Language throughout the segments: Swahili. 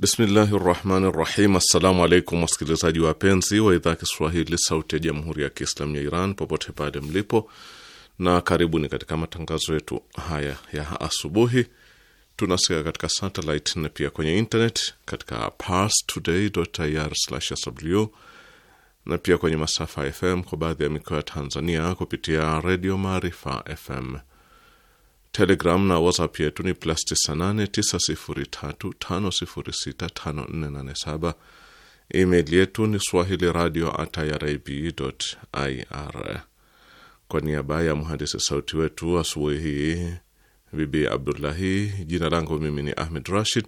Bismillahi rahmani rahim. Assalamu alaikum wasikilizaji wapenzi wa idhaa Kiswahili sauti ya jamhuri ya Kiislamu ya Iran popote pale mlipo, na karibuni katika matangazo yetu haya ya asubuhi. tunasikika katika satelit na pia kwenye internet katika parstoday.ir/sw na pia kwenye masafa FM kwa baadhi ya mikoa ya Tanzania kupitia redio Maarifa FM. Telegram na WhatsApp yetu ni plus 989035065487. Email yetu ni swahili radio at ir. Kwa niaba ya mhandisi sauti wetu asubuhi hii Bibi Abdullahi, jina langu mimi ni Ahmed Rashid,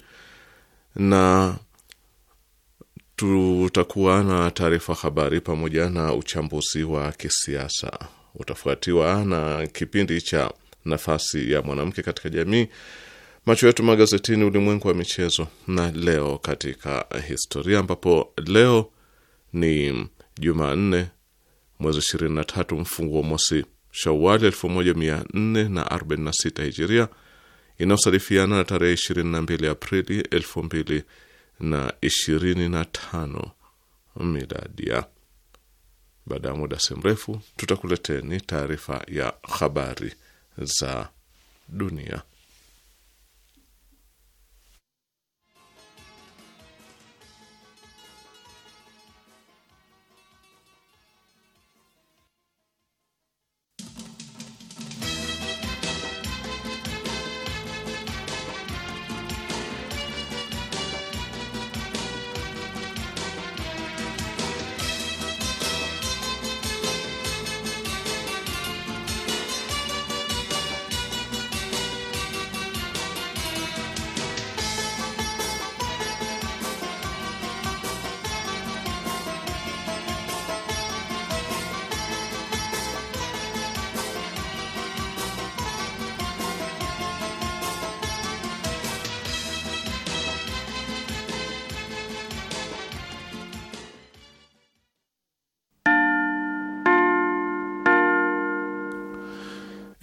na tutakuwa na taarifa habari pamoja na uchambuzi wa kisiasa, utafuatiwa na kipindi cha nafasi ya mwanamke katika jamii, macho yetu magazetini, ulimwengu wa michezo na leo katika historia, ambapo leo ni Jumanne mwezi 23 mfunguo mosi Shawali 1446 hijiria inayosalifiana na tarehe 22 Aprili 2025 miladia. Baada ya muda si mrefu, tutakuleteni taarifa ya habari za dunia.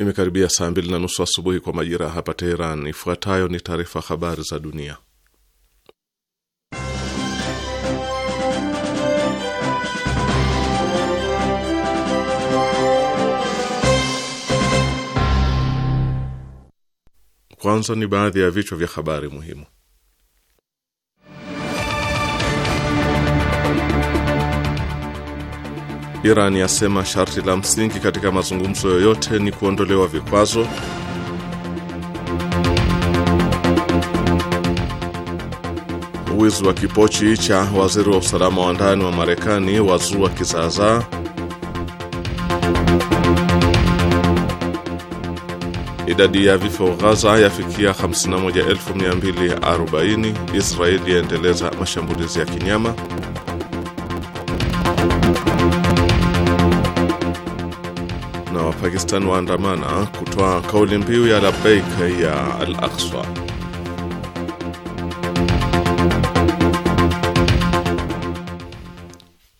Imekaribia saa mbili na nusu asubuhi kwa majira ya hapa Teheran. Ifuatayo ni taarifa habari za dunia. Kwanza ni baadhi ya vichwa vya habari muhimu. Iran yasema sharti la msingi katika mazungumzo yoyote ni kuondolewa vikwazo. Wizi wa kipochi cha waziri wa usalama wa ndani wa Marekani wazua kizaazaa. Idadi ya vifo Ghaza yafikia 51240. Israeli yaendeleza mashambulizi ya kinyama. na Wapakistan waandamana kutoa kauli mbiu ya labeik ya Al-Aqsa.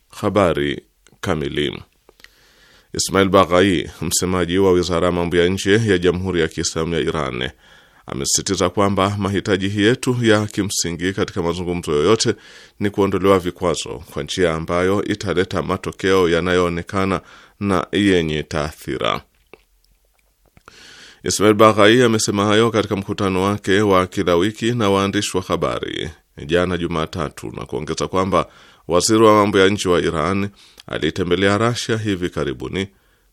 Habari kamili. Ismail Baghai, msemaji wa wizara ya mambo ya nje ya Jamhuri ya Kiislamu ya Iran, amesisitiza kwamba mahitaji yetu ya kimsingi katika mazungumzo yoyote ni kuondolewa vikwazo kwa njia ambayo italeta matokeo yanayoonekana na yenye taathira. Ismail Baghai amesema hayo katika mkutano wake wa kila wiki na waandishi wa habari jana Jumatatu, na kuongeza kwamba waziri wa mambo ya nje wa Iran aliitembelea Rasia hivi karibuni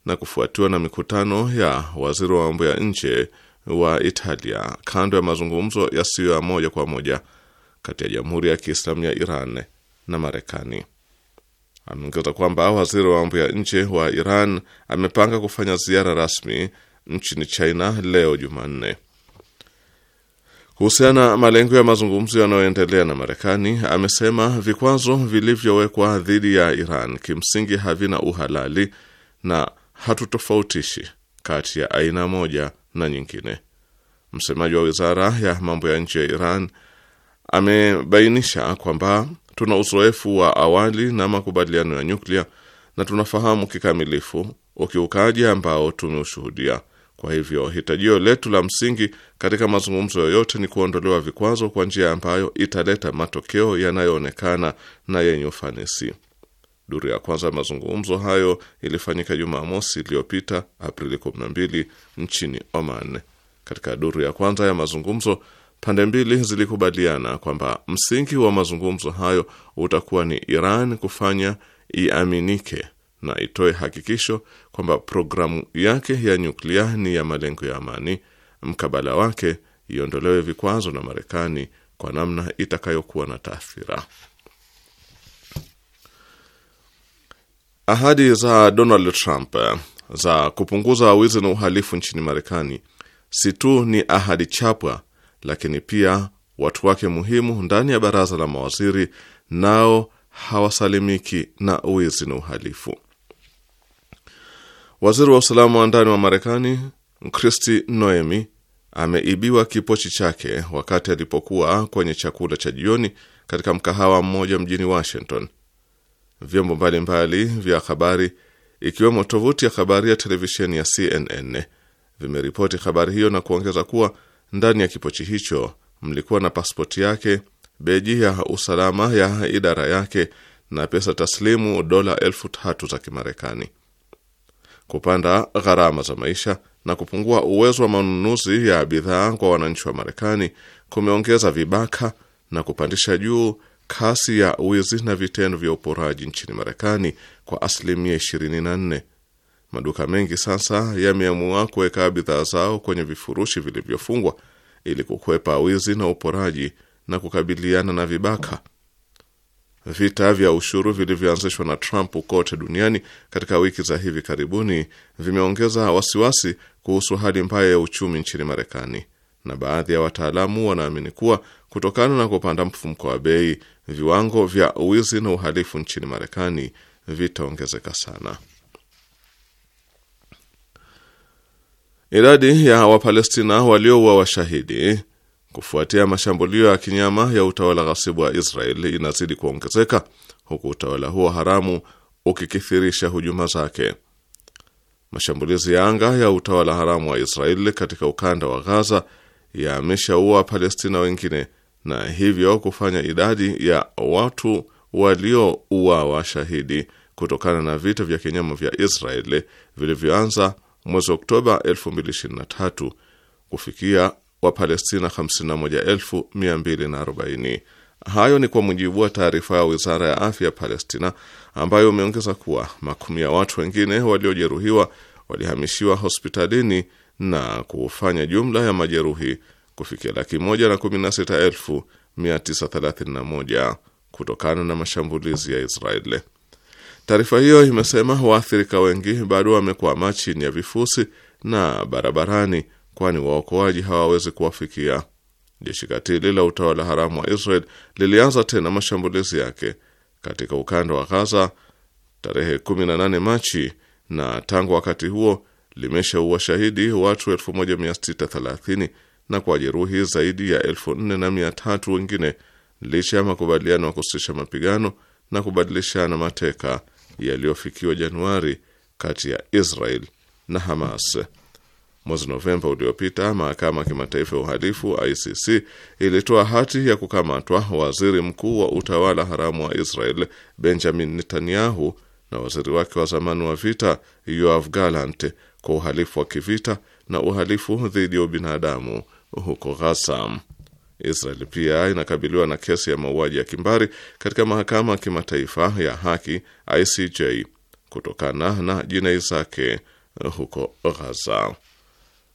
na kufuatiwa na mikutano ya waziri wa mambo ya nje wa Italia kando ya mazungumzo yasiyo ya moja kwa moja kati ya Jamhuri ya Kiislamu ya Iran na Marekani. Ameongeza kwamba waziri wa mambo ya nje wa Iran amepanga kufanya ziara rasmi nchini China leo Jumanne. Kuhusiana na malengo ya mazungumzo yanayoendelea na Marekani, amesema vikwazo vilivyowekwa dhidi ya Iran kimsingi havina uhalali na hatutofautishi kati ya aina moja na nyingine. Msemaji wa wizara ya mambo ya nje ya Iran amebainisha kwamba Tuna uzoefu wa awali na makubaliano ya nyuklia na tunafahamu kikamilifu ukiukaji ambao tumeushuhudia. Kwa hivyo hitajio letu la msingi katika mazungumzo yoyote ni kuondolewa vikwazo kwa njia ambayo italeta matokeo yanayoonekana na yenye ufanisi. Duru ya kwanza ya mazungumzo hayo ilifanyika Jumamosi iliyopita Aprili 12 nchini Oman. Katika duru ya kwanza ya mazungumzo pande mbili zilikubaliana kwamba msingi wa mazungumzo hayo utakuwa ni Iran kufanya iaminike na itoe hakikisho kwamba programu yake ya nyuklia ni ya malengo ya amani, mkabala wake iondolewe vikwazo na Marekani kwa namna itakayokuwa na taathira. Ahadi za Donald Trump za kupunguza wizi na uhalifu nchini Marekani si tu ni ahadi chapwa lakini pia watu wake muhimu ndani ya baraza la mawaziri nao hawasalimiki na wizi na uhalifu. Waziri wa usalama wa ndani wa Marekani Kristi Noemi ameibiwa kipochi chake wakati alipokuwa kwenye chakula cha jioni katika mkahawa mmoja mjini Washington. Vyombo mbalimbali vya habari ikiwemo tovuti ya habari ya televisheni ya CNN vimeripoti habari hiyo na kuongeza kuwa ndani ya kipochi hicho mlikuwa na pasipoti yake, beji ya usalama ya idara yake na pesa taslimu dola elfu tatu za Kimarekani. Kupanda gharama za maisha na kupungua uwezo wa manunuzi ya bidhaa kwa wananchi wa Marekani kumeongeza vibaka na kupandisha juu kasi ya wizi na vitendo vya uporaji nchini Marekani kwa asilimia 24 Maduka mengi sasa yameamua kuweka bidhaa zao kwenye vifurushi vilivyofungwa ili kukwepa wizi na uporaji na kukabiliana na vibaka. Vita vya ushuru vilivyoanzishwa na Trump kote duniani katika wiki za hivi karibuni vimeongeza wasiwasi kuhusu hali mbaya ya uchumi nchini Marekani, na baadhi ya wataalamu wanaamini kuwa kutokana na kupanda mfumko wa bei, viwango vya wizi na uhalifu nchini Marekani vitaongezeka sana. Idadi ya Wapalestina waliouawa washahidi kufuatia mashambulio ya kinyama ya utawala ghasibu wa israel inazidi kuongezeka huku utawala huo haramu ukikithirisha hujuma zake. Mashambulizi ya anga ya utawala haramu wa Israeli katika ukanda wa Gaza yameshaua Wapalestina wengine na hivyo kufanya idadi ya watu waliouawa shahidi kutokana na vita vya kinyama vya Israeli vilivyoanza mwezi Oktoba 2023 kufikia Wapalestina 51240. Hayo ni kwa mujibu wa taarifa ya wizara ya afya ya Palestina, ambayo imeongeza kuwa makumi ya watu wengine waliojeruhiwa walihamishiwa hospitalini na kufanya jumla ya majeruhi kufikia laki moja na kumi na sita elfu mia tisa thelathini na moja kutokana na mashambulizi ya Israeli. Taarifa hiyo imesema waathirika wengi bado wamekwama chini ya vifusi na barabarani, kwani waokoaji hawawezi kuwafikia. Jeshi katili la utawala haramu wa Israel lilianza tena mashambulizi yake katika ukanda wa Gaza tarehe 18 Machi, na tangu wakati huo limeshaua shahidi watu 1630 na kwa jeruhi zaidi ya 4300 wengine, licha ya makubaliano ya kusitisha mapigano na kubadilishana mateka yaliyofikiwa Januari kati ya Israel na Hamas. Mwezi Novemba uliopita, mahakama ya kimataifa ya uhalifu ICC ilitoa hati ya kukamatwa waziri mkuu wa utawala haramu wa Israel Benjamin Netanyahu na waziri wake wa zamani wa vita Yoav Gallant kwa uhalifu wa kivita na uhalifu dhidi ya ubinadamu huko ghasa Israel pia inakabiliwa na kesi ya mauaji ya kimbari katika mahakama ya kimataifa ya haki ICJ kutokana na jinai zake eh, huko ghaza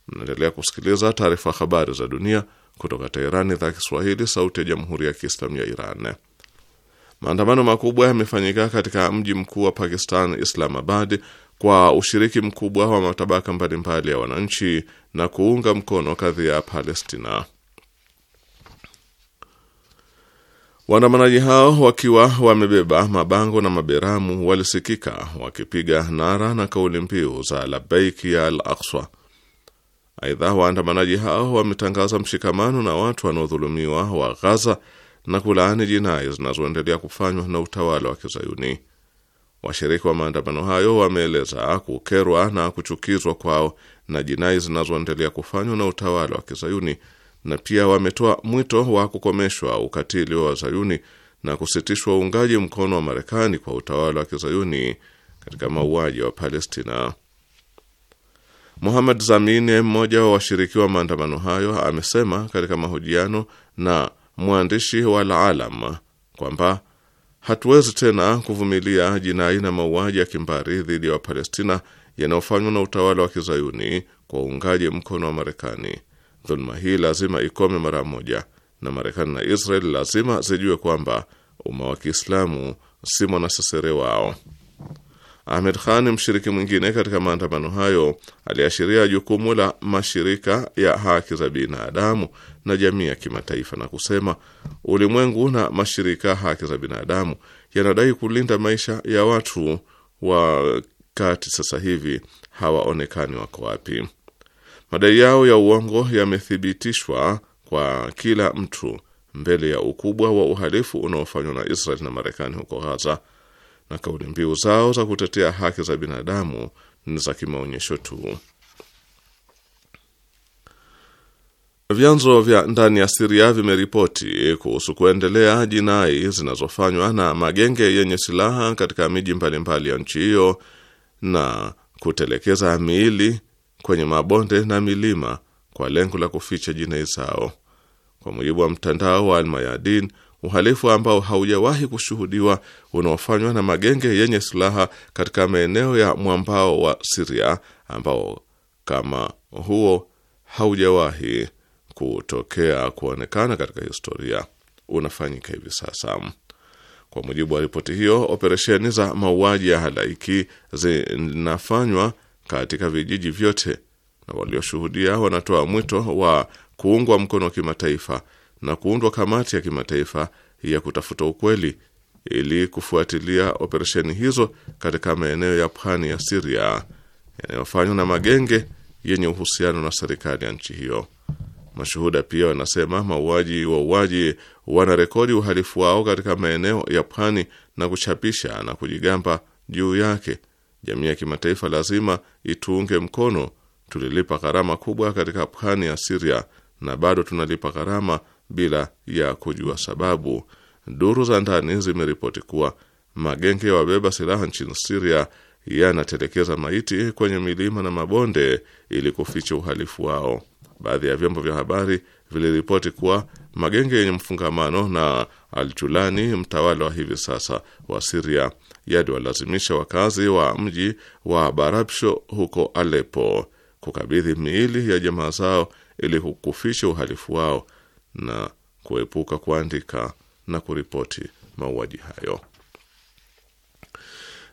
Mnaendelea kusikiliza taarifa habari za dunia kutoka Teherani, idhaa Kiswahili, sauti ya jamhuri ya kiislamu ya Iran. Maandamano makubwa yamefanyika katika mji mkuu wa Pakistan, Islamabad, kwa ushiriki mkubwa wa matabaka mbalimbali ya wananchi na kuunga mkono kadhia ya Palestina. Waandamanaji hao wakiwa wamebeba mabango na maberamu walisikika wakipiga nara na kauli mbiu za labaiki ya al Akswa. Aidha, waandamanaji hao wametangaza mshikamano na watu wanaodhulumiwa wa Ghaza na kulaani jinai zinazoendelea kufanywa na utawala wa Kizayuni. Washiriki wa maandamano hayo wameeleza kukerwa na kuchukizwa kwao na jinai zinazoendelea kufanywa na utawala wa Kizayuni na pia wametoa mwito wa kukomeshwa ukatili wa wazayuni na kusitishwa uungaji mkono wa Marekani kwa utawala wa kizayuni katika mauaji wa Palestina. Muhammad Zamini, mmoja wa washiriki wa maandamano hayo, amesema katika mahojiano na mwandishi wa al kwamba hatuwezi tena kuvumilia jinai na mauaji ya kimbari dhidi ya Wapalestina yanayofanywa na utawala wa kizayuni kwa uungaji mkono wa Marekani. Dhuluma hii lazima ikome mara moja, na Marekani na Israel lazima zijue kwamba umma wa Kiislamu si mwanasesere wao. Ahmed Khan, mshiriki mwingine katika maandamano hayo, aliashiria jukumu la mashirika ya haki za binadamu na jamii ya kimataifa na kusema ulimwengu na mashirika haki za binadamu yanadai kulinda maisha ya watu wakati sasa hivi hawaonekani wako wapi. Madai yao ya uongo yamethibitishwa kwa kila mtu mbele ya ukubwa wa uhalifu unaofanywa na Israel na Marekani huko Gaza, na kauli mbiu zao za kutetea haki za binadamu ni za kimaonyesho tu. Vyanzo vya ndani ya Siria vimeripoti kuhusu kuendelea jinai zinazofanywa na magenge yenye silaha katika miji mbalimbali ya nchi hiyo na kutelekeza miili kwenye mabonde na milima kwa lengo la kuficha jinai zao. Kwa mujibu wa mtandao wa Almayadin, uhalifu ambao haujawahi kushuhudiwa unaofanywa na magenge yenye silaha katika maeneo ya mwambao wa Siria ambao kama huo haujawahi kutokea kuonekana katika historia unafanyika hivi sasa. Kwa mujibu wa ripoti hiyo, operesheni za mauaji ya halaiki zinafanywa katika vijiji vyote, na walioshuhudia wanatoa mwito wa kuungwa mkono wa kimataifa na kuundwa kamati ya kimataifa ya kutafuta ukweli ili kufuatilia operesheni hizo katika maeneo ya pwani ya Siria yanayofanywa na magenge yenye uhusiano na serikali ya nchi hiyo. Mashuhuda pia wanasema mauaji wauaji wanarekodi uhalifu wao katika maeneo ya pwani na kuchapisha na kujigamba juu yake jamii ya kimataifa lazima ituunge mkono. Tulilipa gharama kubwa katika pwani ya Siria na bado tunalipa gharama bila ya kujua sababu. Duru za ndani zimeripoti kuwa magenge ya wabeba silaha nchini Siria yanatelekeza maiti kwenye milima na mabonde ili kuficha uhalifu wao. Baadhi ya vyombo vya habari viliripoti kuwa magenge yenye mfungamano na Aljulani, mtawala wa hivi sasa wa Siria, yaliwalazimisha wakazi wa mji wa Barabsho huko Aleppo kukabidhi miili ya jamaa zao ili kukufisha uhalifu wao na kuepuka kuandika na kuripoti mauaji hayo.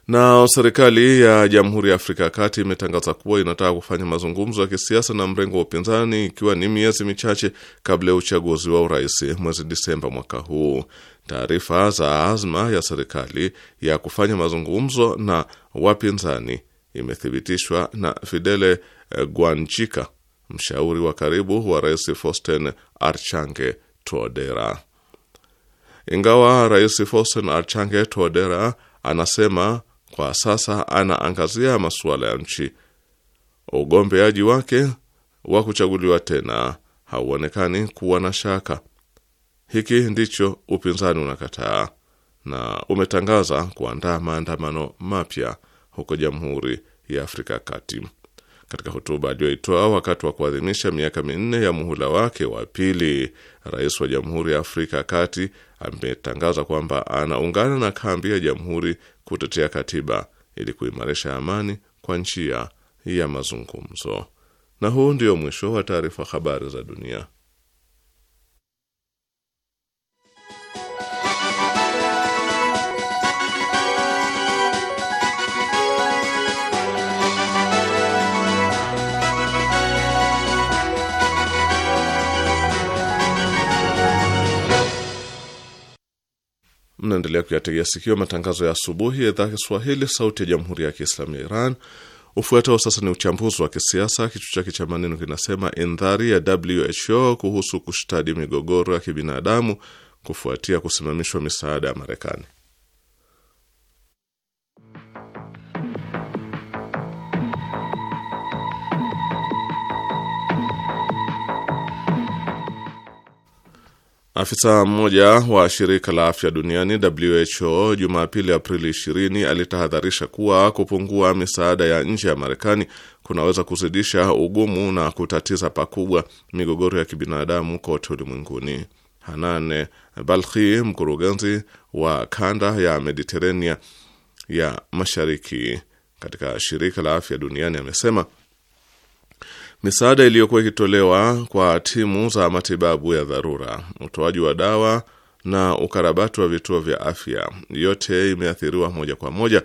Na serikali ya Jamhuri ya Afrika ya Kati imetangaza kuwa inataka kufanya mazungumzo ya kisiasa na mrengo wa upinzani ikiwa ni miezi michache kabla ya uchaguzi wa urais mwezi Disemba mwaka huu taarifa za azma ya serikali ya kufanya mazungumzo na wapinzani imethibitishwa na Fidele eh, Guanchika, mshauri wa karibu wa rais Faustin Archange Touadera. Ingawa rais Faustin Archange Touadera anasema kwa sasa anaangazia masuala ya nchi, ugombeaji wake wa kuchaguliwa tena hauonekani kuwa na shaka. Hiki ndicho upinzani unakataa, na umetangaza kuandaa maandamano mapya huko Jamhuri ya Afrika Kati. Katika hotuba aliyoitoa wakati wa kuadhimisha miaka minne ya muhula wake wa pili, rais wa Jamhuri ya Afrika Kati ametangaza kwamba anaungana na kambi ya jamhuri kutetea katiba ili kuimarisha amani kwa njia ya mazungumzo. Na huu ndio mwisho wa taarifa habari za dunia. Mnaendelea kuyategea sikio matangazo ya asubuhi ya idhaa Kiswahili sauti ya jamhuri ya kiislamu ya Iran. Ufuatao sasa ni uchambuzi wa kisiasa, kichwa chake cha maneno kinasema indhari ya WHO kuhusu kushtadi migogoro ya kibinadamu kufuatia kusimamishwa misaada ya Marekani. Afisa mmoja wa shirika la afya duniani WHO Jumapili Aprili 20 alitahadharisha kuwa kupungua misaada ya nje ya Marekani kunaweza kuzidisha ugumu na kutatiza pakubwa migogoro ya kibinadamu kote ulimwenguni. Hanane Balkhi, mkurugenzi wa kanda ya Mediterania ya mashariki katika shirika la afya duniani, amesema misaada iliyokuwa ikitolewa kwa timu za matibabu ya dharura, utoaji wa dawa na ukarabati wa vituo vya afya, yote imeathiriwa moja kwa moja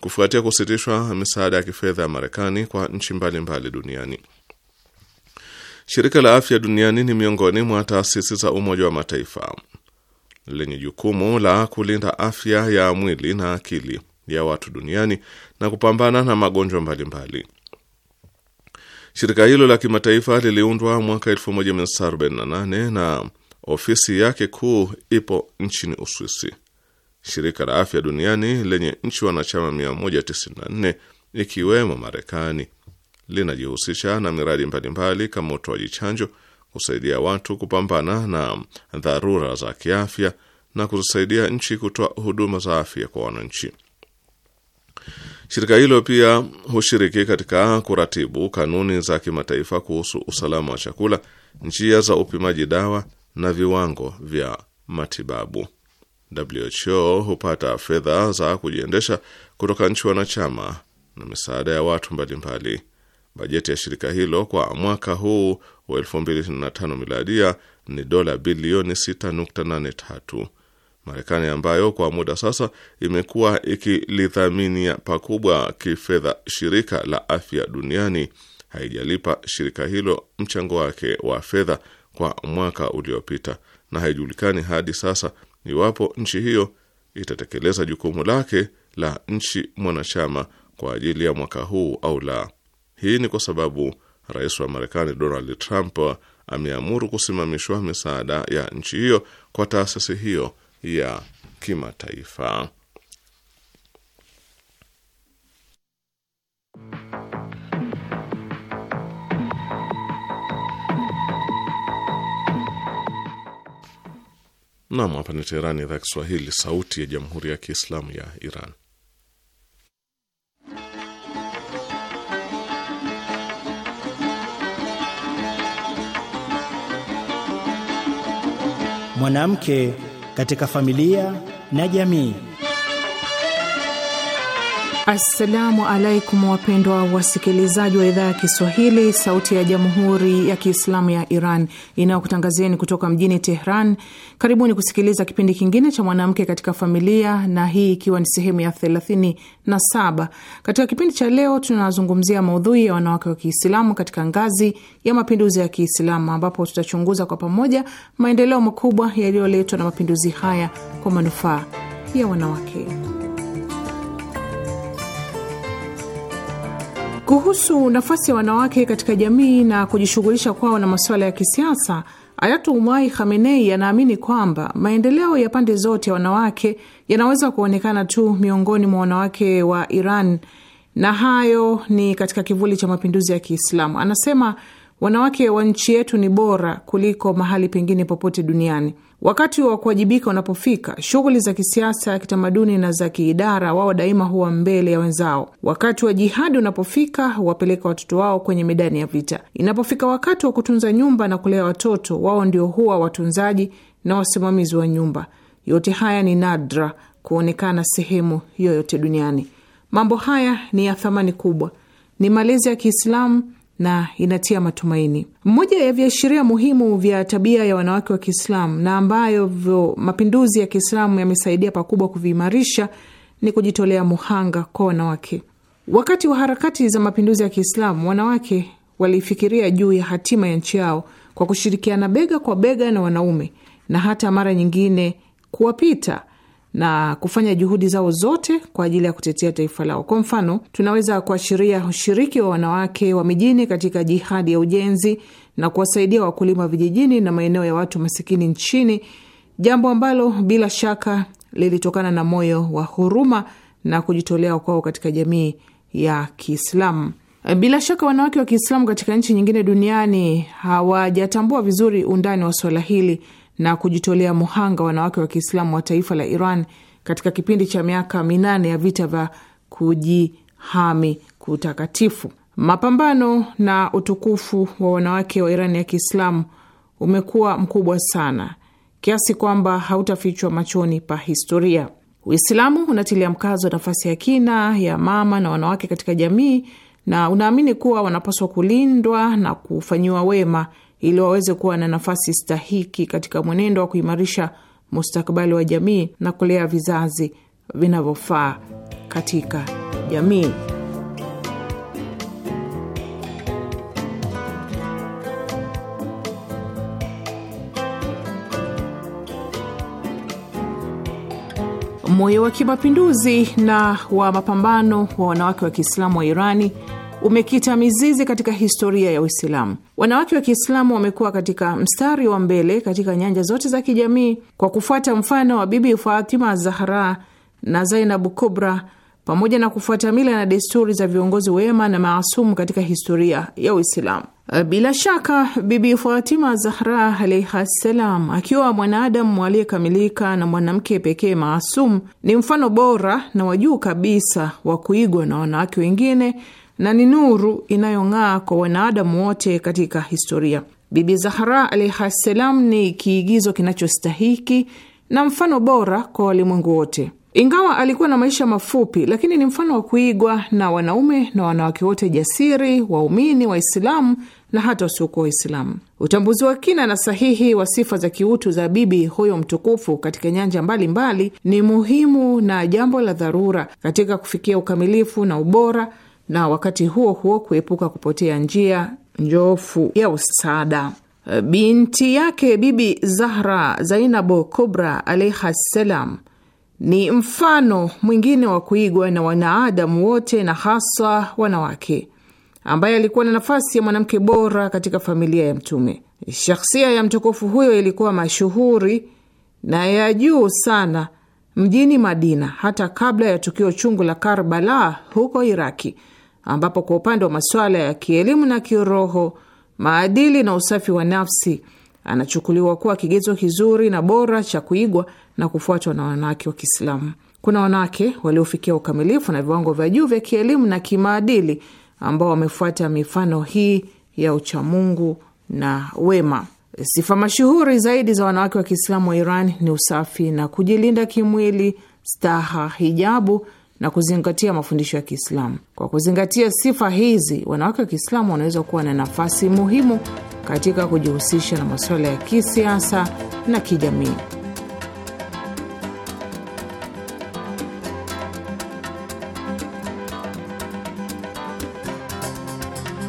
kufuatia kusitishwa misaada ya kifedha ya Marekani kwa nchi mbalimbali duniani. Shirika la Afya Duniani ni miongoni mwa taasisi za Umoja wa Mataifa lenye jukumu la kulinda afya ya mwili na akili ya watu duniani na kupambana na magonjwa mbalimbali. Shirika hilo la kimataifa liliundwa mwaka 1948 na ofisi yake kuu ipo nchini Uswisi. Shirika la Afya Duniani lenye nchi wanachama 194 ikiwemo Marekani linajihusisha na miradi mbalimbali kama utoaji chanjo, kusaidia watu kupambana na dharura za kiafya na kuzisaidia nchi kutoa huduma za afya kwa wananchi. Shirika hilo pia hushiriki katika kuratibu kanuni za kimataifa kuhusu usalama wa chakula, njia za upimaji dawa na viwango vya matibabu. WHO hupata fedha za kujiendesha kutoka nchi wanachama na misaada ya watu mbalimbali. Bajeti ya shirika hilo kwa mwaka huu wa 2025 miladia ni dola bilioni 6.83. Marekani ambayo kwa muda sasa imekuwa ikilidhaminia pakubwa kifedha shirika la afya duniani haijalipa shirika hilo mchango wake wa fedha kwa mwaka uliopita, na haijulikani hadi sasa iwapo nchi hiyo itatekeleza jukumu lake la nchi mwanachama kwa ajili ya mwaka huu au la. Hii ni kwa sababu rais wa Marekani Donald Trump ameamuru kusimamishwa misaada ya nchi hiyo kwa taasisi hiyo ya kimataifa. Nam, hapa ni Teherani, idhaa Kiswahili, sauti ya jamhuri ya kiislamu ya Iran. Mwanamke katika familia na jamii. Assalamu alaikum wapendwa wasikilizaji wa idhaa ya Kiswahili sauti ya jamhuri ya Kiislamu ya Iran inayokutangazieni kutoka mjini Tehran. Karibuni kusikiliza kipindi kingine cha mwanamke katika familia, na hii ikiwa ni sehemu ya thelathini na saba. Katika kipindi cha leo tunazungumzia maudhui ya wanawake wa Kiislamu katika ngazi ya mapinduzi ya Kiislamu, ambapo tutachunguza kwa pamoja maendeleo makubwa yaliyoletwa na mapinduzi haya kwa manufaa ya wanawake. Kuhusu nafasi ya wanawake katika jamii na kujishughulisha kwao na masuala ya kisiasa, umai Khamenei anaamini kwamba maendeleo ya pande zote ya wanawake yanaweza kuonekana tu miongoni mwa wanawake wa Iran, na hayo ni katika kivuli cha mapinduzi ya Kiislamu. Anasema Wanawake wa nchi yetu ni bora kuliko mahali pengine popote duniani. Wakati wa kuwajibika unapofika, shughuli za kisiasa, kitamaduni na za kiidara, wao daima huwa mbele ya wenzao. Wakati wa jihadi unapofika, huwapeleka watoto wao kwenye medani ya vita. Inapofika wakati wa kutunza nyumba na kulea watoto, wao ndio huwa watunzaji na wasimamizi wa nyumba. Yote haya ni nadra kuonekana sehemu yoyote duniani. Mambo haya ni ya thamani kubwa, ni malezi ya Kiislamu na inatia matumaini. Mmoja ya viashiria muhimu vya tabia ya wanawake wa Kiislamu na ambayo mapinduzi ya Kiislamu yamesaidia pakubwa kuviimarisha ni kujitolea muhanga kwa wanawake. Wakati wa harakati za mapinduzi ya Kiislamu, wanawake walifikiria juu ya hatima ya nchi yao kwa kushirikiana bega kwa bega na wanaume na hata mara nyingine kuwapita na kufanya juhudi zao zote kwa ajili ya kutetea taifa lao. Kwa mfano, tunaweza kuashiria ushiriki wa wanawake wa mijini katika jihadi ya ujenzi na kuwasaidia wakulima vijijini na maeneo ya watu masikini nchini, jambo ambalo bila shaka lilitokana na moyo wa huruma na kujitolea kwao katika jamii ya Kiislamu. Bila shaka wanawake wa Kiislamu katika nchi nyingine duniani hawajatambua vizuri undani wa suala hili na kujitolea muhanga wanawake wa Kiislamu wa taifa la Iran katika kipindi cha miaka minane ya vita vya kujihami kutakatifu. Mapambano na utukufu wa wanawake wa Iran ya Kiislamu umekuwa mkubwa sana kiasi kwamba hautafichwa machoni pa historia. Uislamu unatilia mkazo nafasi ya kina ya mama na wanawake katika jamii na unaamini kuwa wanapaswa kulindwa na kufanyiwa wema ili waweze kuwa na nafasi stahiki katika mwenendo wa kuimarisha mustakabali wa jamii na kulea vizazi vinavyofaa katika jamii. Moyo wa kimapinduzi na wa mapambano wa wanawake wa Kiislamu wa Irani umekita mizizi katika historia ya Uislamu. Wanawake wa Kiislamu wamekuwa katika mstari wa mbele katika nyanja zote za kijamii kwa kufuata mfano wa Bibi Fatima Zahra na Zainabu Kubra, pamoja na kufuata mila na desturi za viongozi wema na maasumu katika historia ya Uislamu. Bila shaka Bibi Fatima Zahra alaihi salam, akiwa mwanadamu aliyekamilika na mwanamke pekee maasum, ni mfano bora na wa juu kabisa wa kuigwa na wanawake wengine na ni nuru inayong'aa kwa wanadamu wote katika historia. Bibi Zahra alaihi ssalam ni kiigizo kinachostahiki na mfano bora kwa walimwengu wote. Ingawa alikuwa na maisha mafupi, lakini ni mfano wa kuigwa na wanaume na wanawake wote jasiri, waumini, Waislamu na hata wasiokuwa Waislamu. Utambuzi wa kina na sahihi wa sifa za kiutu za bibi huyo mtukufu katika nyanja mbalimbali mbali, ni muhimu na jambo la dharura katika kufikia ukamilifu na ubora na wakati huo huo kuepuka kupotea njia njofu ya usada. Eh, binti yake Bibi Zahra Zainabu Kubra alaiha ssalam ni mfano mwingine wa kuigwa na wanaadamu wote na haswa wanawake, ambaye alikuwa na nafasi ya mwanamke bora katika familia ya Mtume. Shakhsia ya mtukufu huyo ilikuwa mashuhuri na ya juu sana mjini Madina hata kabla ya tukio chungu la Karbala huko Iraki ambapo kwa upande wa masuala ya kielimu na kiroho, maadili na usafi wa nafsi, anachukuliwa kuwa kigezo kizuri na bora cha kuigwa na kufuatwa na wanawake wa Kiislamu. Kuna wanawake waliofikia ukamilifu na viwango vya juu vya kielimu na kimaadili ambao wamefuata mifano hii ya uchamungu na wema. Sifa mashuhuri zaidi za wanawake wa Kiislamu wa Iran ni usafi na kujilinda kimwili, staha, hijabu na kuzingatia mafundisho ya Kiislamu. Kwa kuzingatia sifa hizi, wanawake wa Kiislamu wanaweza kuwa na nafasi muhimu katika kujihusisha na masuala ya kisiasa na kijamii.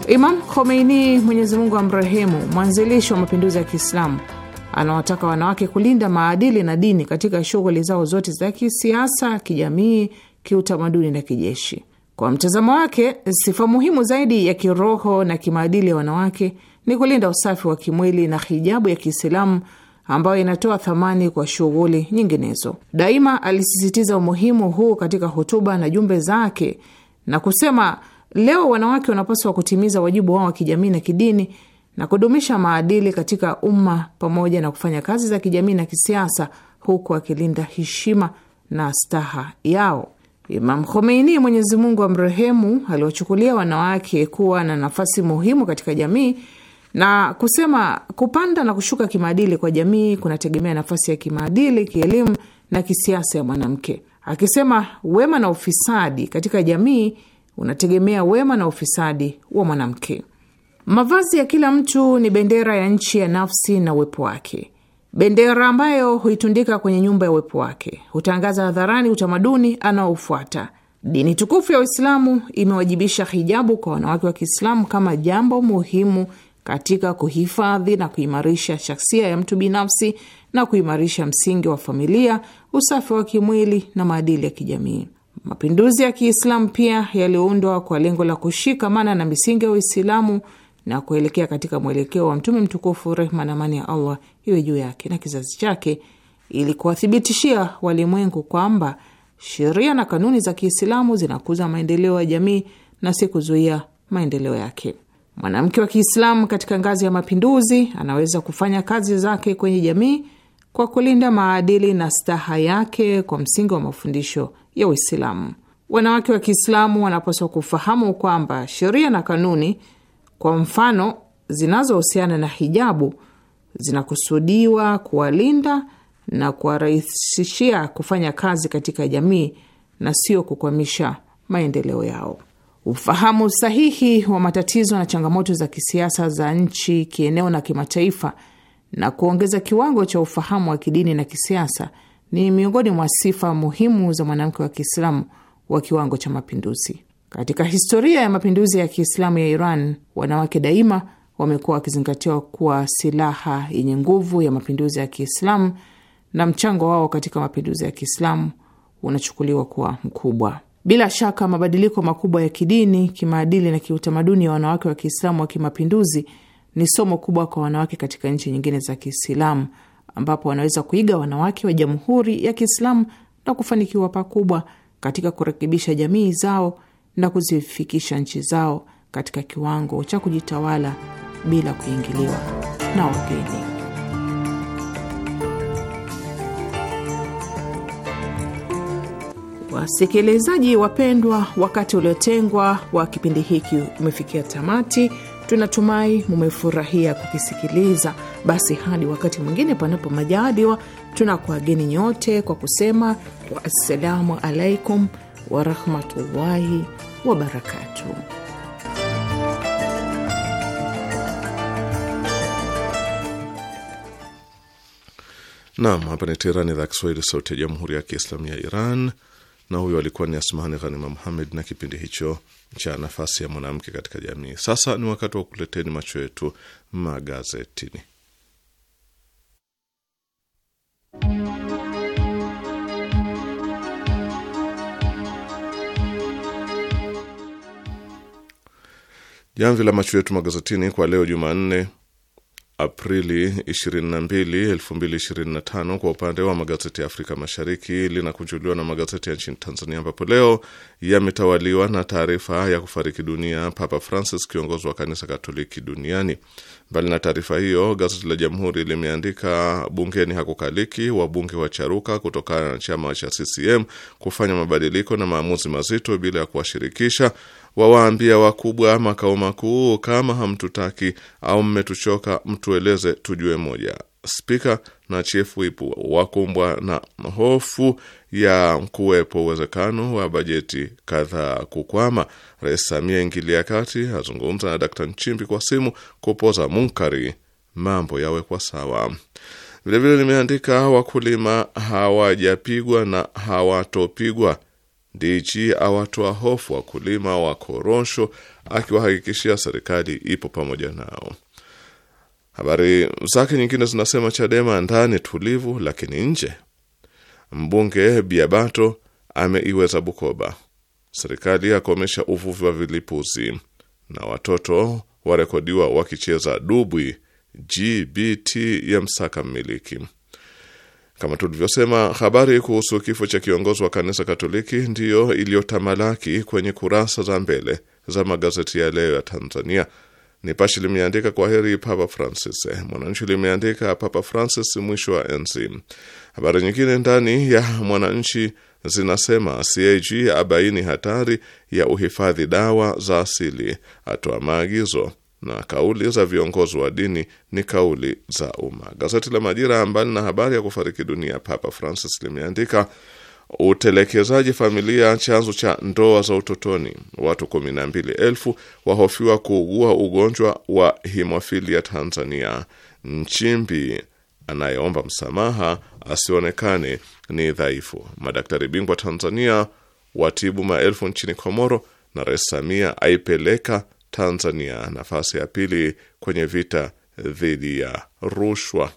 Imam Khomeini, Mwenyezi Mungu amrehemu, mwanzilishi wa mapinduzi ya Kiislamu, anawataka wanawake kulinda maadili na dini katika shughuli zao zote za kisiasa, kijamii kiutamaduni na kijeshi. Kwa mtazamo wake, sifa muhimu zaidi ya kiroho na kimaadili ya wanawake ni kulinda usafi wa kimwili na hijabu ya Kiislamu ambayo inatoa thamani kwa shughuli nyinginezo. Daima alisisitiza umuhimu huu katika hotuba na jumbe zake na kusema, leo wanawake wanapaswa kutimiza wajibu wao wa kijamii na kidini na kudumisha maadili katika umma pamoja na kufanya kazi za kijamii na kisiasa, huku akilinda heshima na staha yao. Imam Khomeini, Mwenyezi Mungu amrehemu, aliwachukulia wanawake kuwa na nafasi muhimu katika jamii na kusema kupanda na kushuka kimaadili kwa jamii kunategemea nafasi ya kimaadili, kielimu na kisiasa ya mwanamke, akisema wema na ufisadi katika jamii unategemea wema na ufisadi wa mwanamke. Mavazi ya kila mtu ni bendera ya nchi ya nafsi na uwepo wake. Bendera ambayo huitundika kwenye nyumba ya uwepo wake hutangaza hadharani utamaduni anaofuata Dini tukufu ya Uislamu imewajibisha hijabu kwa wanawake wa Kiislamu kama jambo muhimu katika kuhifadhi na kuimarisha shaksia ya mtu binafsi na kuimarisha msingi wa familia, usafi wa kimwili na maadili ya kijamii. Mapinduzi ya Kiislamu pia yaliundwa kwa lengo la kushikamana na misingi ya Uislamu na kuelekea katika mwelekeo wa Mtume mtukufu, rehma na amani ya Allah iwe juu yake na kizazi chake, ili kuwathibitishia walimwengu kwamba sheria na kanuni za Kiislamu zinakuza maendeleo ya jamii na si kuzuia maendeleo yake. Mwanamke wa Kiislamu katika ngazi ya mapinduzi anaweza kufanya kazi zake kwenye jamii kwa kulinda maadili na staha yake kwa msingi wa mafundisho ya Uislamu. Wanawake wa Kiislamu wanapaswa kufahamu kwamba sheria na kanuni kwa mfano, zinazohusiana na hijabu zinakusudiwa kuwalinda na kuwarahisishia kufanya kazi katika jamii na sio kukwamisha maendeleo yao. Ufahamu sahihi wa matatizo na changamoto za kisiasa za nchi, kieneo na kimataifa na kuongeza kiwango cha ufahamu wa kidini na kisiasa ni miongoni mwa sifa muhimu za mwanamke wa Kiislamu wa kiwango cha mapinduzi. Katika historia ya mapinduzi ya Kiislamu ya Iran, wanawake daima wamekuwa wakizingatiwa kuwa silaha yenye nguvu ya mapinduzi ya Kiislamu, na mchango wao katika mapinduzi ya Kiislamu unachukuliwa kuwa mkubwa. Bila shaka mabadiliko makubwa ya kidini, kimaadili na kiutamaduni ya wanawake wa Kiislamu wa kimapinduzi ni somo kubwa kwa wanawake katika nchi nyingine za Kiislamu, ambapo wanaweza kuiga wanawake wa Jamhuri ya Kiislamu na kufanikiwa pakubwa katika kurekebisha jamii zao na kuzifikisha nchi zao katika kiwango cha kujitawala bila kuingiliwa na wageni. Wasikilizaji wapendwa, wakati uliotengwa wa kipindi hiki umefikia tamati. Tunatumai mumefurahia kukisikiliza. Basi hadi wakati mwingine, panapo majaliwa, tunakuageni nyote kwa kusema wassalamu alaikum warahmatullahi wabarakatuh. Naam, hapa ni Teherani, idhaa ya Kiswahili, sauti ya jamhuri ya kiislamu ya Iran. Na huyo alikuwa ni Asmani Ghanima Muhamed na kipindi hicho cha nafasi ya mwanamke katika jamii. Sasa ni wakati wa kuleteni macho yetu magazetini. Jamvi la macho yetu magazetini kwa leo Jumanne, Aprili 22, 2025 kwa upande wa magazeti ya Afrika Mashariki linakunjuliwa na magazeti ya nchini Tanzania, ambapo leo yametawaliwa na taarifa ya kufariki dunia Papa Francis, kiongozi wa kanisa Katoliki duniani. Mbali na taarifa hiyo, gazeti la Jamhuri limeandika bungeni hakukaliki, wabunge wa charuka kutokana na chama cha CCM kufanya mabadiliko na maamuzi mazito bila ya kuwashirikisha wawaambia wakubwa makao makuu, kama hamtutaki au mmetuchoka, mtueleze tujue moja. Spika na chief whip wakumbwa na hofu ya kuwepo uwezekano wa bajeti kadhaa kukwama. Rais Samia ingilia kati, azungumza na Dkt Nchimbi kwa simu kupoza munkari, mambo yawekwa sawa. Vilevile limeandika wakulima hawajapigwa na hawatopigwa Diji awatoa hofu wakulima wa korosho akiwahakikishia serikali ipo pamoja nao. Habari zake nyingine zinasema Chadema ndani tulivu lakini nje. Mbunge Biabato ameiweza Bukoba. Serikali yakomesha uvuvi wa vilipuzi na watoto warekodiwa wakicheza dubwi. GBT ya msaka mmiliki. Kama tulivyosema, habari kuhusu kifo cha kiongozi wa kanisa Katoliki ndiyo iliyotamalaki kwenye kurasa za mbele za magazeti ya leo ya Tanzania. Nipashe limeandika kwa heri Papa Francis. Mwananchi limeandika Papa Francis mwisho wa enzi. Habari nyingine ndani ya Mwananchi zinasema CAG abaini hatari ya uhifadhi dawa za asili, atoa maagizo na kauli za viongozi wa dini ni kauli za umma. Gazeti la Majira, mbali na habari ya kufariki dunia Papa Francis, limeandika utelekezaji familia chanzo cha ndoa za utotoni. Watu kumi na mbili elfu wahofiwa kuugua ugonjwa wa himofilia Tanzania. Nchimbi anayeomba msamaha asionekane ni dhaifu. Madaktari bingwa Tanzania watibu maelfu nchini Komoro, na Rais Samia aipeleka Tanzania nafasi ya pili kwenye vita dhidi ya rushwa.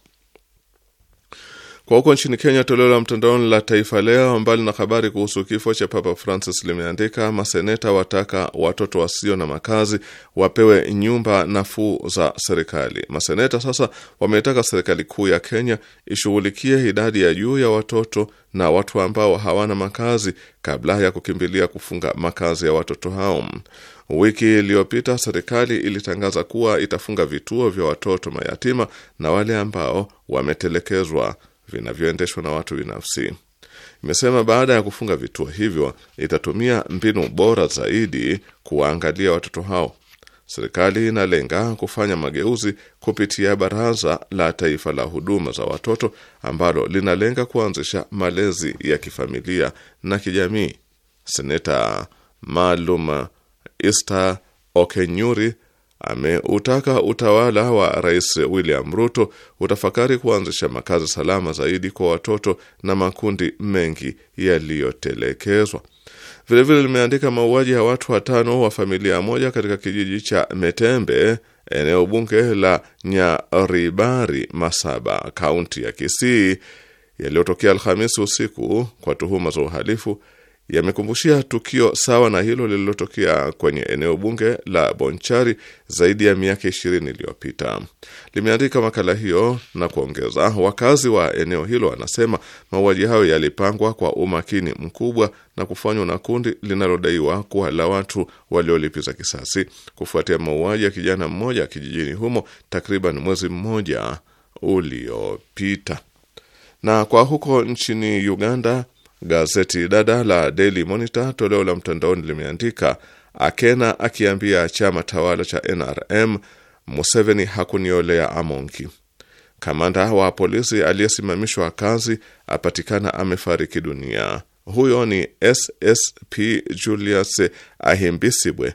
Kwa huko nchini Kenya, toleo la mtandaoni la Taifa Leo, mbali na habari kuhusu kifo cha Papa Francis, limeandika maseneta wataka watoto wasio na makazi wapewe nyumba nafuu za serikali. Maseneta sasa wametaka serikali kuu ya Kenya ishughulikie idadi ya juu ya watoto na watu ambao hawana makazi kabla ya kukimbilia kufunga makazi ya watoto hao. Wiki iliyopita serikali ilitangaza kuwa itafunga vituo vya watoto mayatima na wale ambao wametelekezwa vinavyoendeshwa na watu binafsi. Imesema baada ya kufunga vituo hivyo itatumia mbinu bora zaidi kuwaangalia watoto hao. Serikali inalenga kufanya mageuzi kupitia Baraza la Taifa la Huduma za Watoto ambalo linalenga kuanzisha malezi ya kifamilia na kijamii. Seneta Maalum Esther Okenyuri ameutaka utawala wa Rais William Ruto utafakari kuanzisha makazi salama zaidi kwa watoto na makundi mengi yaliyotelekezwa. Vilevile limeandika mauaji ya watu watano wa familia moja katika kijiji cha Metembe, eneo bunge la Nyaribari, Masaba, kaunti ya Kisii, yaliyotokea Alhamisi usiku kwa tuhuma za uhalifu yamekumbushia tukio sawa na hilo lililotokea kwenye eneo bunge la Bonchari zaidi ya miaka ishirini iliyopita. Limeandika makala hiyo na kuongeza, wakazi wa eneo hilo wanasema mauaji hayo yalipangwa kwa umakini mkubwa na kufanywa na kundi linalodaiwa kuwa la watu waliolipiza kisasi kufuatia mauaji ya kijana mmoja kijijini humo takriban mwezi mmoja uliopita. Na kwa huko nchini Uganda Gazeti dada la Daily Monitor toleo la mtandaoni limeandika Akena akiambia chama tawala cha NRM Museveni hakuniolea Amongi. Kamanda wa polisi aliyesimamishwa kazi apatikana amefariki dunia. Huyo ni SSP Julius Ahimbisibwe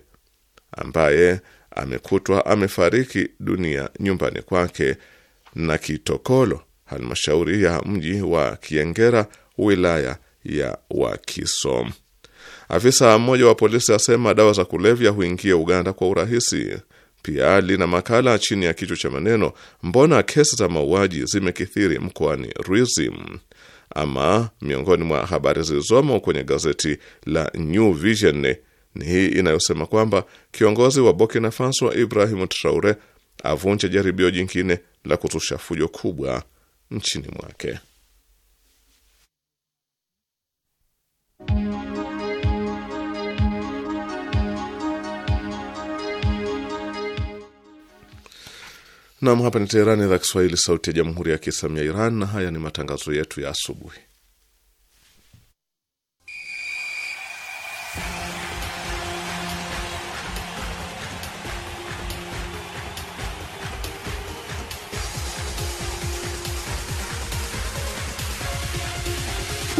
ambaye amekutwa amefariki dunia nyumbani kwake na Kitokolo, halmashauri ya mji wa Kiengera, wilaya ya Wakiso. Afisa mmoja wa polisi asema dawa za kulevya huingia Uganda kwa urahisi. Pia lina makala chini ya kichwa cha maneno mbona kesi za mauaji zimekithiri mkoani Rwizi. Ama miongoni mwa habari zilizomo kwenye gazeti la New Vision ni hii inayosema kwamba kiongozi wa Burkina Faso Ibrahim Traore avunje jaribio jingine la kuzusha fujo kubwa nchini mwake. Nam, hapa ni Teherani, idhaa Kiswahili, sauti ya jamhuri ya kiislamia Iran, na haya ni matangazo yetu ya asubuhi.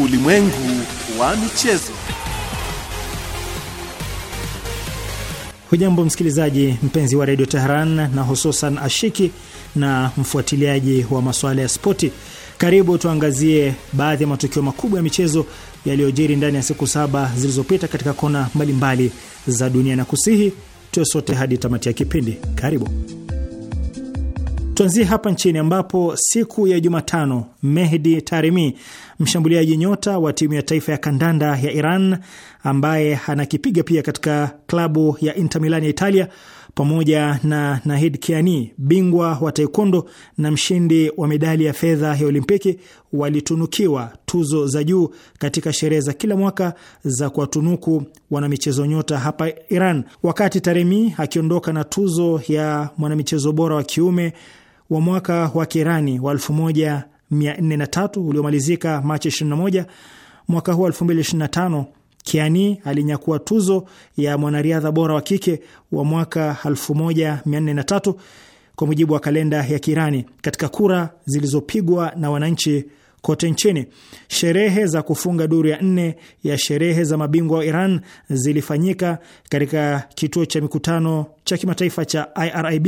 Ulimwengu wa michezo. Hujambo msikilizaji mpenzi wa redio teheran na hususan ashiki na mfuatiliaji wa masuala ya spoti. Karibu tuangazie baadhi ya matukio makubwa ya michezo yaliyojiri ndani ya siku saba zilizopita katika kona mbalimbali mbali za dunia, na kusihi tuwe sote hadi tamati ya kipindi. Karibu. Tuanzie hapa nchini ambapo siku ya Jumatano, Mehdi Taremi, mshambuliaji nyota wa timu ya taifa ya kandanda ya Iran ambaye anakipiga pia katika klabu ya Inter Milan ya Italia, pamoja na Nahid Kiani, bingwa wa taekwondo na mshindi wa medali ya fedha ya Olimpiki, walitunukiwa tuzo za juu katika sherehe za kila mwaka za kuwatunuku wanamichezo nyota hapa Iran, wakati Taremi akiondoka na tuzo ya mwanamichezo bora wa kiume wa mwaka wa Kirani wa 1403 uliomalizika Machi 21 mwaka huu 2025, Kiani alinyakua tuzo ya mwanariadha bora wa kike wa mwaka 1403 kwa mujibu wa kalenda ya Kirani katika kura zilizopigwa na wananchi kote nchini. Sherehe za kufunga duru ya nne ya sherehe za mabingwa wa Iran zilifanyika katika kituo cha mikutano cha kimataifa cha IRIB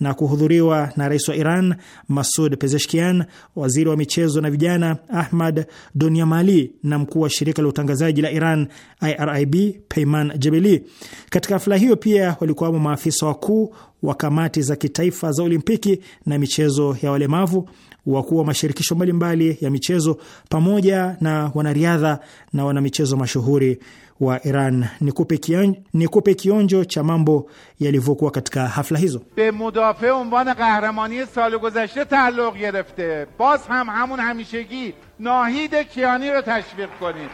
na kuhudhuriwa na rais wa Iran Masud Pezeshkian, waziri wa michezo na vijana Ahmad Doniamali na mkuu wa shirika la utangazaji la Iran IRIB Peyman Jebeli. Katika hafla hiyo pia walikuwamo maafisa wakuu wa kamati za kitaifa za Olimpiki na michezo ya walemavu wakuu wa mashirikisho mbalimbali ya michezo pamoja na wanariadha na wanamichezo mashuhuri wa Iran. Nikupe kionjo, nikupe kionjo cha mambo yalivyokuwa katika hafla hizo. be mudafe unvan qahramani sal gozashte taalluq gerefte baz ham hamun hamishegi nahid kiani ro tashviq konid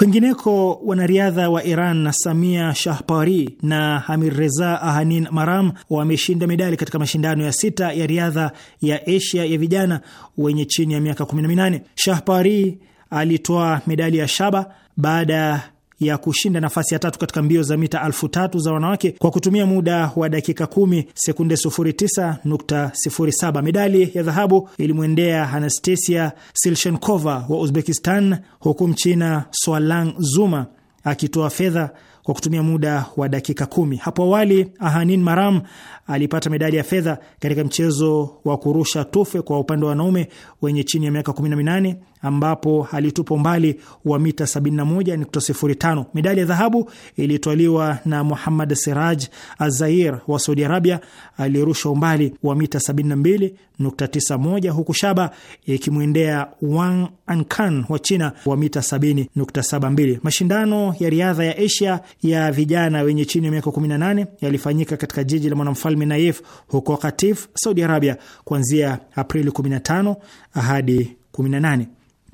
Kwingineko, wanariadha wa Iran Samia Shahpari na reza Ahanin Maram wameshinda medali katika mashindano ya sita ya riadha ya Asia ya vijana wenye chini ya miaka 18. Shahpari alitoa medali ya shaba baada ya kushinda nafasi ya tatu katika mbio za mita elfu tatu za wanawake kwa kutumia muda wa dakika kumi sekunde 09.07. Medali ya dhahabu ilimwendea Anastasia Silshenkova wa Uzbekistan, huku Mchina Swalang Zuma akitoa fedha kwa kutumia muda wa dakika kumi. Hapo awali Ahanin Maram alipata medali ya fedha katika mchezo wa kurusha tufe kwa upande wa wanaume wenye chini ya miaka 18 ambapo alitupa umbali wa mita 71.05. Medali ya dhahabu ilitwaliwa na Muhammad Siraj Azair wa Saudi Arabia aliyerusha umbali wa mita 72.91, huku shaba ikimwendea Wang Ankan wa China wa mita 70.72. Mashindano ya riadha ya Asia ya vijana wenye chini ya miaka 18 yalifanyika katika jiji la mwanamfalme Naif huko katif Saudi Arabia kuanzia Aprili 15 hadi 18.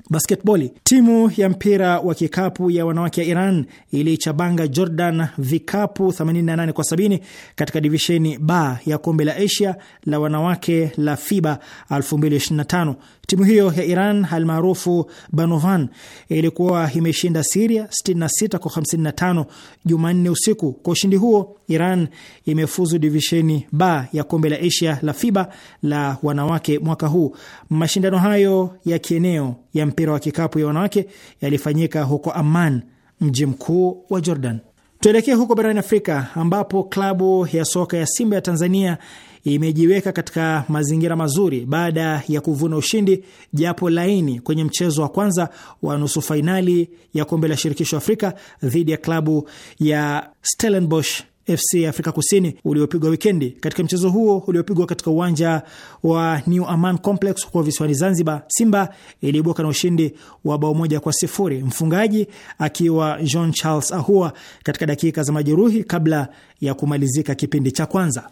Basketboli. Timu ya mpira wa kikapu ya wanawake ya Iran ilichabanga Jordan vikapu 88 kwa 70 katika divisheni b ya kombe la Asia la wanawake la FIBA 2025. Timu hiyo ya Iran almaarufu Banovan ilikuwa imeshinda Siria 66 kwa 55 Jumanne usiku. Kwa ushindi huo, Iran imefuzu divisheni b ya kombe la Asia la FIBA la wanawake mwaka huu. Mashindano hayo ya kieneo ya mpira wa kikapu ya wanawake yalifanyika huko Amman, mji mkuu wa Jordan. Tuelekee huko barani Afrika ambapo klabu ya soka ya Simba ya Tanzania imejiweka katika mazingira mazuri baada ya kuvuna ushindi japo laini kwenye mchezo wa kwanza wa nusu fainali ya kombe la shirikisho Afrika dhidi ya klabu ya Stellenbosch FC Afrika Kusini uliopigwa wikendi. Katika mchezo huo uliopigwa katika uwanja wa New Aman Complex huko visiwani Zanzibar, Simba iliibuka na ushindi wa bao moja kwa sifuri, mfungaji akiwa Jean Charles Ahua katika dakika za majeruhi kabla ya kumalizika kipindi cha kwanza.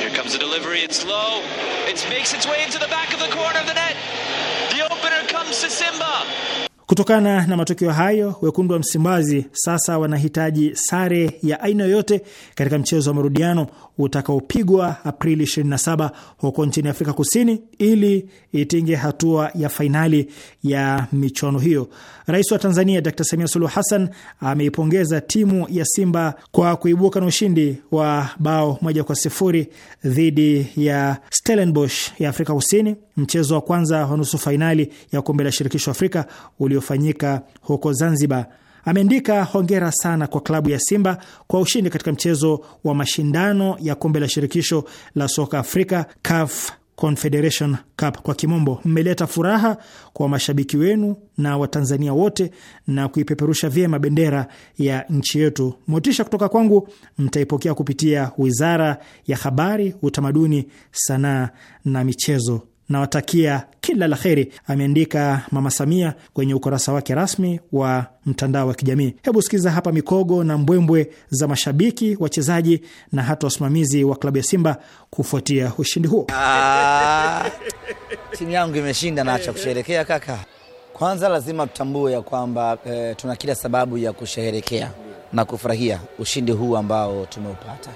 Here comes the delivery, it's low. It makes its way Kutokana na matokeo hayo, wekundu wa Msimbazi sasa wanahitaji sare ya aina yoyote katika mchezo wa marudiano utakaopigwa Aprili 27 huko nchini Afrika Kusini ili itinge hatua ya fainali ya michuano hiyo. Rais wa Tanzania Dr. Samia Suluhu Hassan ameipongeza timu ya Simba kwa kuibuka na ushindi wa bao moja kwa sifuri dhidi ya Stellenbosch ya Afrika Kusini, mchezo wa kwanza wa nusu fainali ya kombe la shirikisho Afrika uliofanyika huko Zanzibar ameandika hongera sana kwa klabu ya Simba kwa ushindi katika mchezo wa mashindano ya kombe la shirikisho la soka Afrika, CAF Confederation Cup kwa kimombo. Mmeleta furaha kwa mashabiki wenu na Watanzania wote na kuipeperusha vyema bendera ya nchi yetu. Motisha kutoka kwangu mtaipokea kupitia Wizara ya Habari, Utamaduni, Sanaa na Michezo nawatakia kila la kheri, ameandika Mama Samia kwenye ukurasa wake rasmi wa mtandao wa kijamii. Hebu sikiza hapa mikogo na mbwembwe za mashabiki, wachezaji na hata wasimamizi wa klabu ya Simba kufuatia ushindi huo. Ah, timu yangu imeshinda naacha kusheherekea kusherekea kaka. Kwanza lazima tutambue ya kwamba e, tuna kila sababu ya kusherekea na kufurahia ushindi huu ambao tumeupata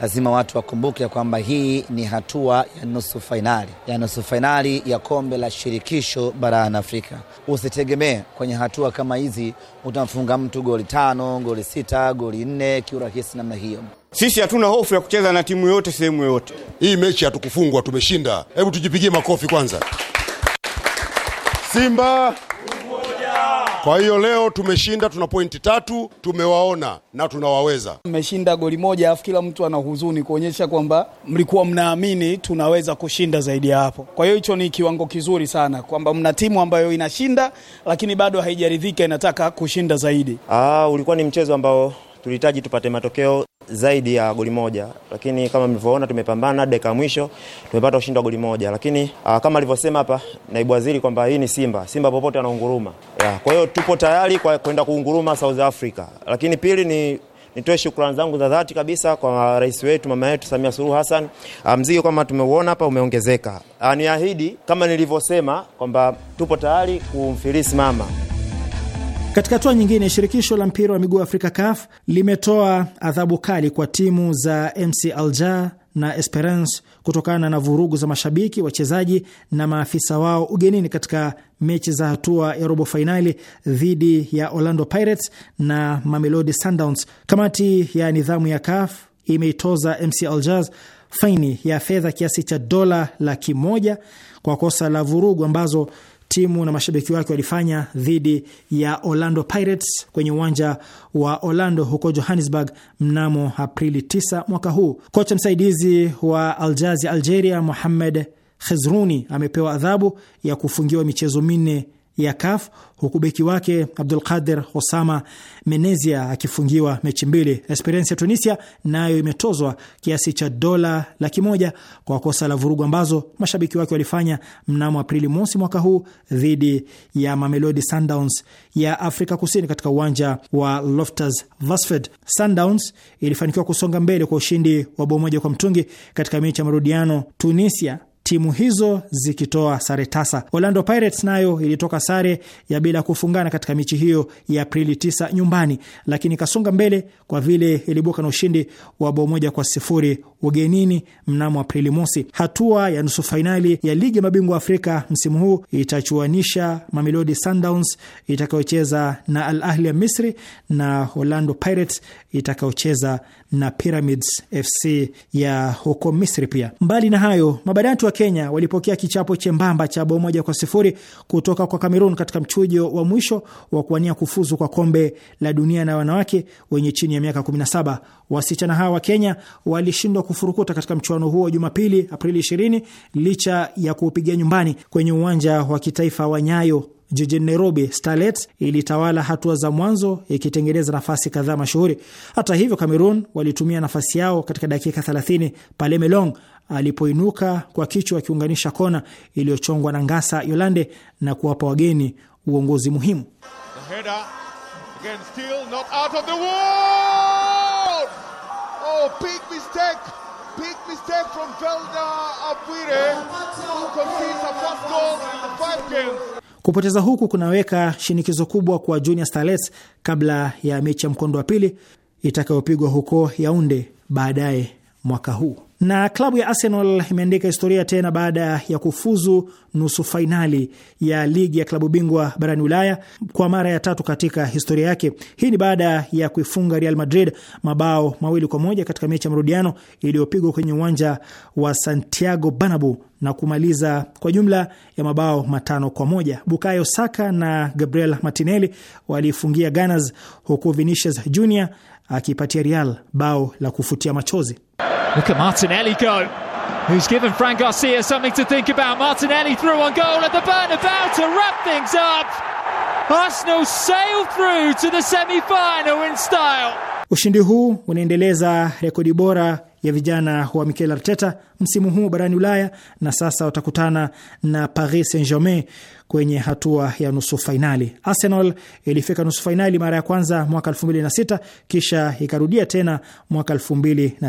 lazima watu wakumbuke ya kwamba hii ni hatua ya nusu fainali ya nusu fainali ya kombe la shirikisho barani Afrika. Usitegemee kwenye hatua kama hizi utamfunga mtu goli tano, goli sita, goli nne kiurahisi namna hiyo. Sisi hatuna hofu ya kucheza na timu yoyote sehemu yoyote. Hii mechi hatukufungwa, tumeshinda. Hebu tujipigie makofi kwanza, Simba. Kwa hiyo leo tumeshinda, tuna pointi tatu, tumewaona na tunawaweza. Mmeshinda goli moja, alafu kila mtu ana huzuni kuonyesha kwamba mlikuwa mnaamini tunaweza kushinda zaidi ya hapo. Kwa hiyo hicho ni kiwango kizuri sana kwamba mna timu ambayo inashinda lakini bado haijaridhika, inataka kushinda zaidi. Aa, ah, ulikuwa ni mchezo ambao tulihitaji tupate matokeo zaidi ya goli moja, lakini kama mlivyoona tumepambana dakika mwisho tumepata ushindi wa goli moja, lakini aa, ah, kama alivyosema hapa naibu waziri kwamba hii ni Simba, Simba popote anaunguruma. Kwa hiyo tupo tayari kwa kwenda kuunguruma South Africa, lakini pili ni nitoe shukrani zangu za dhati kabisa kwa rais wetu mama yetu Samia Suluhu Hassan. Ah, mzigo kama tumeuona hapa umeongezeka. Ah, niahidi kama nilivyosema kwamba tupo tayari kumfilisi mama. Katika hatua nyingine, shirikisho la mpira wa miguu Afrika CAF limetoa adhabu kali kwa timu za MC Alger na Esperance kutokana na vurugu za mashabiki, wachezaji na maafisa wao ugenini katika mechi za hatua ya robo fainali dhidi ya Orlando Pirates na Mamelodi Sundowns. Kamati ya nidhamu ya CAF imeitoza MC Alger faini ya fedha kiasi cha dola laki moja kwa kosa la vurugu ambazo timu na mashabiki wake walifanya dhidi ya Orlando Pirates kwenye uwanja wa Orlando huko Johannesburg mnamo Aprili 9 mwaka huu. Kocha msaidizi wa Aljazi Algeria, Mohamed Khezruni amepewa adhabu ya kufungiwa michezo minne ya CAF huku beki wake Abdulqadir Osama Menezia akifungiwa mechi mbili. Esperance ya Tunisia nayo imetozwa kiasi cha dola laki moja kwa kosa la vurugu ambazo mashabiki wake walifanya mnamo Aprili mosi mwaka huu dhidi ya Mamelodi Sundowns ya Afrika Kusini katika uwanja wa Loftus Versfeld. Sundowns ilifanikiwa kusonga mbele kwa ushindi wa bao moja kwa mtungi katika mechi ya marudiano Tunisia timu hizo zikitoa sare tasa. Orlando Pirates nayo ilitoka sare ya bila kufungana katika mechi hiyo ya Aprili 9 nyumbani, lakini ikasonga mbele kwa vile ilibuka na ushindi wa bao moja kwa sifuri ugenini mnamo Aprili mosi. Hatua ya nusu fainali ya ligi ya mabingwa Afrika msimu huu itachuanisha Mamelodi Sundowns itakayocheza na Al Ahli ya Misri na Orlando Pirates itakayocheza na Pyramids FC ya huko Misri. Pia mbali na hayo, mabadantu wa Kenya walipokea kichapo chembamba cha bao moja kwa sifuri kutoka kwa cameroon katika mchujo wa mwisho wa kuwania kufuzu kwa kombe la dunia na wanawake wenye chini ya miaka 17. Wasichana hawa wa Kenya walishindwa kufurukuta katika mchuano huo wa Jumapili, Aprili 20 licha ya kuupigia nyumbani kwenye uwanja wa kitaifa wa Nyayo jijini Nairobi. Starlet ilitawala hatua za mwanzo ikitengeneza nafasi kadhaa mashuhuri. Hata hivyo, Cameroon walitumia nafasi yao katika dakika 30 pale Melong alipoinuka kwa kichwa akiunganisha kona iliyochongwa na Ngasa Yolande na kuwapa wageni uongozi muhimu. The header, again, still not out of the wall big mistake. Big mistake from Velda Abwire who concedes a first goal in the five games. Kupoteza huku kunaweka shinikizo kubwa kwa Junior Starlets kabla ya mechi ya mkondo wa pili itakayopigwa huko Yaunde baadaye mwaka huu. Na klabu ya Arsenal imeandika historia tena baada ya kufuzu nusu fainali ya ligi ya klabu bingwa barani Ulaya kwa mara ya tatu katika historia yake. Hii ni baada ya kuifunga Real Madrid mabao mawili kwa moja katika mechi ya marudiano iliyopigwa kwenye uwanja wa Santiago Bernabeu na kumaliza kwa jumla ya mabao matano kwa moja. Bukayo Saka na Gabriel Martinelli waliifungia Gunners, huku Vinicius Junior akiipatia Real bao la kufutia machozi. Look at Martinelli go, who's given Fran Garcia something to think about. Martinelli through on goal at the Bernabeu to wrap things up. Arsenal sail through to the semi-final in style. Ushindi huu unaendeleza rekodi bora ya vijana wa Mikel Arteta msimu huu barani Ulaya na sasa watakutana na Paris Saint-Germain kwenye hatua ya nusu fainali. Arsenal ilifika nusu fainali mara ya kwanza mwaka sita kisha ikarudia tena mwaka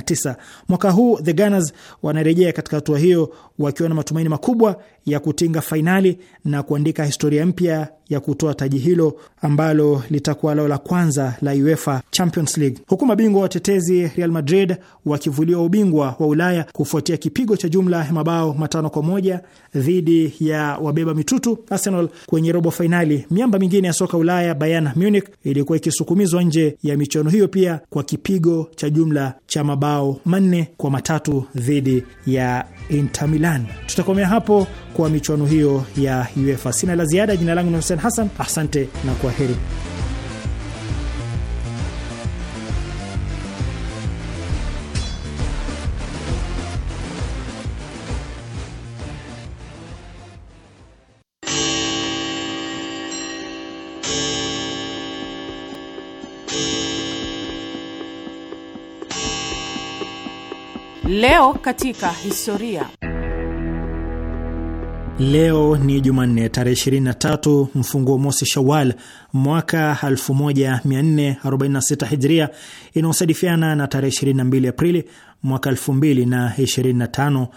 tisa Mwaka huu the Gunners wanarejea katika hatua hiyo wakiwa na matumaini makubwa ya kutinga fainali na kuandika historia mpya ya kutoa taji hilo ambalo litakuwa lao la kwanza la UEFA Champions League, huku mabingwa watetezi Real Madrid wakivuliwa ubingwa wa Ulaya kufuatia kufuatia kipigo cha jumla ya mabao matano kwa moja dhidi ya wabeba mitutu Arsenal kwenye robo fainali. Miamba mingine ya soka Ulaya, Bayern Munich ilikuwa ikisukumizwa nje ya michuano hiyo pia kwa kipigo cha jumla cha mabao manne kwa matatu dhidi ya Inter Milan. Tutakomea hapo kwa michuano hiyo ya UEFA. Sina la ziada. Jina langu ni Hussein Hassan, asante na kwa heri. Leo katika historia. Leo ni Jumanne tarehe 23 mfunguo mosi Shawal mwaka 1446 Hijria, inayosadifiana na tarehe 22 Aprili mwaka 2025